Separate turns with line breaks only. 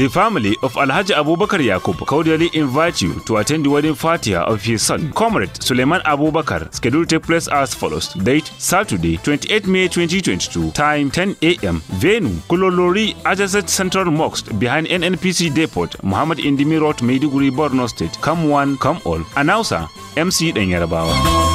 The family of Alhaji Abubakar Yakub cordially invite you to attend the wedding party of his son, Comrade Suleiman Abubakar. Schedule take place as follows. Date Saturday, 28 May 2022. Time 10 a.m. Venue Kulolori adjacent Central Mosque behind NNPC Depot, Muhammad Indimi Road, Maiduguri, Borno State. Come one, come all. Announcer MC yarabawa